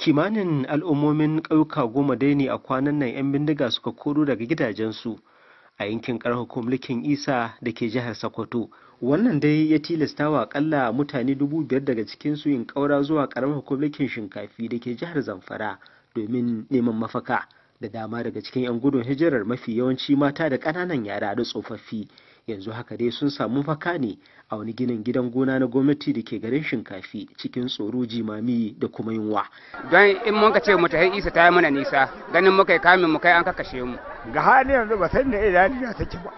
kimanin al'ummomin ƙauyuka goma dai ne a kwanan nan 'yan bindiga suka koro daga gidajensu a yankin ƙarar mulkin isa da ke jihar sokoto wannan dai ya tilasta wa akalla mutane dubu biyar daga cikinsu yin ƙaura zuwa ƙaramar mulkin shinkafi da ke jihar zamfara domin neman mafaka da dama daga cikin 'yan gudun hijirar mafi yawanci mata da ƙananan yara da tsofaffi yanzu haka dai sun samu faka ne a wani ginin gidan gona na gwamnati da ke garin shinkafi cikin tsoro jimami da kuma yunwa don in mun ka ce mu tafi isa ta yi mana nisa ganin muka yi kamin mu kai an kakashe mu ga hali yanzu ba san da idan ya take ba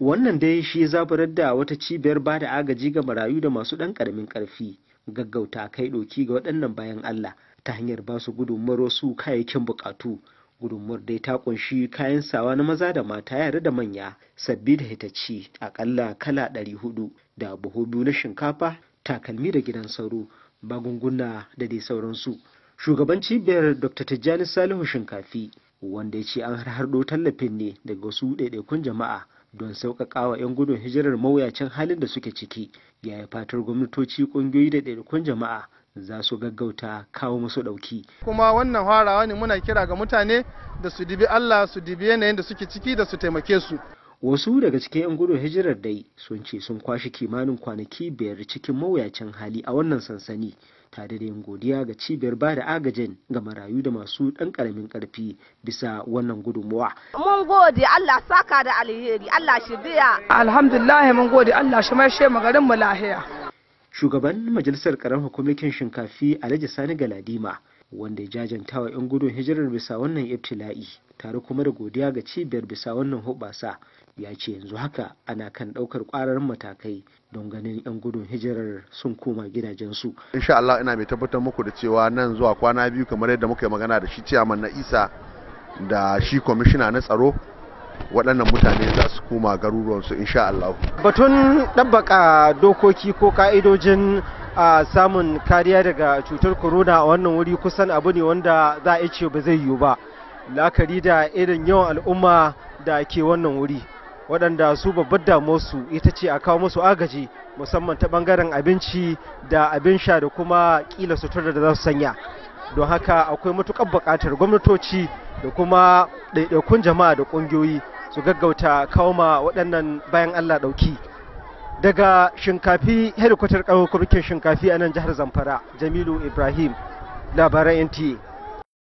wannan dai shi zaburar da wata cibiyar ba da agaji ga marayu da masu ɗan ƙaramin ƙarfi gaggauta kai ɗoki ga waɗannan bayan Allah ta hanyar ba su gudunmawar wasu kayayyakin buƙatu gudunmuwar dai ta kunshi kayan sawa na maza da mata yara da manya sabbi da hitacci akalla kala ɗari hudu, da buhu biyu na shinkafa takalmi da gidan sauro bagunguna da dai sauransu shugaban cibiyar dr tijjani salihu shinkafi wanda ya ce an harhaɗo tallafin ne daga wasu ɗaiɗaikun jama'a don sauƙaƙa wa 'yan gudun hijirar mawuyacin halin da suke ciki ya yi fatar gwamnatoci ƙungiyoyi da ɗaiɗaikun jama'a za su gaggauta kawo musu ɗauki. Kuma wannan harawa ne muna kira ga mutane da su dibi Allah su dibi yanayin da suke ciki da su taimake su. Wasu daga cikin 'yan gudun hijirar dai sun ce sun kwashe kimanin kwanaki biyar cikin mawuyacin hali a wannan sansani. tare da yin godiya ga cibiyar ba da agajin ga marayu da masu ɗan karamin karfi bisa wannan gudunmuwa. Mun gode Allah saka da alheri Allah shi biya. Alhamdulillah mun gode Allah shi mai shema garin mu lahiya. shugaban majalisar karamar kwamitin shinkafi alhaji sani galadima wanda ya jajanta wa 'yan gudun hijirar bisa wannan ibtila'i tare kuma da godiya ga cibiyar bisa wannan hubasa ya ce yanzu haka ana kan daukar kwararin matakai don ganin 'yan gudun hijirar sun koma gidajensu insha Allah ina mai tabbatar muku da cewa nan zuwa kwana biyu kamar yadda muka yi magana da shi ciyaman na isa da shi kwamishina na tsaro waɗannan mutane za su koma garuruwansu insha Allah. Batun ɗabbaka dokoki ko ƙa'idojin a samun kariya daga cutar corona a wannan wuri kusan abu ne wanda za a ce ba zai yiwu ba la'akari da irin yawan al'umma da ke wannan wuri waɗanda su babbar damuwarsu ita ce a kawo musu agaji musamman ta ɓangaren abinci da abin sha da kuma ƙila sutura da za su sanya don haka akwai matuƙar buƙatar gwamnatoci da kuma ɗaiɗaikun jama'a da ƙungiyoyi su gaggauta kawo waɗannan bayan Allah ɗauki daga shinkafi hedikwatar ƙarfin kwamitin shinkafi a nan jihar zamfara jamilu ibrahim labaran nta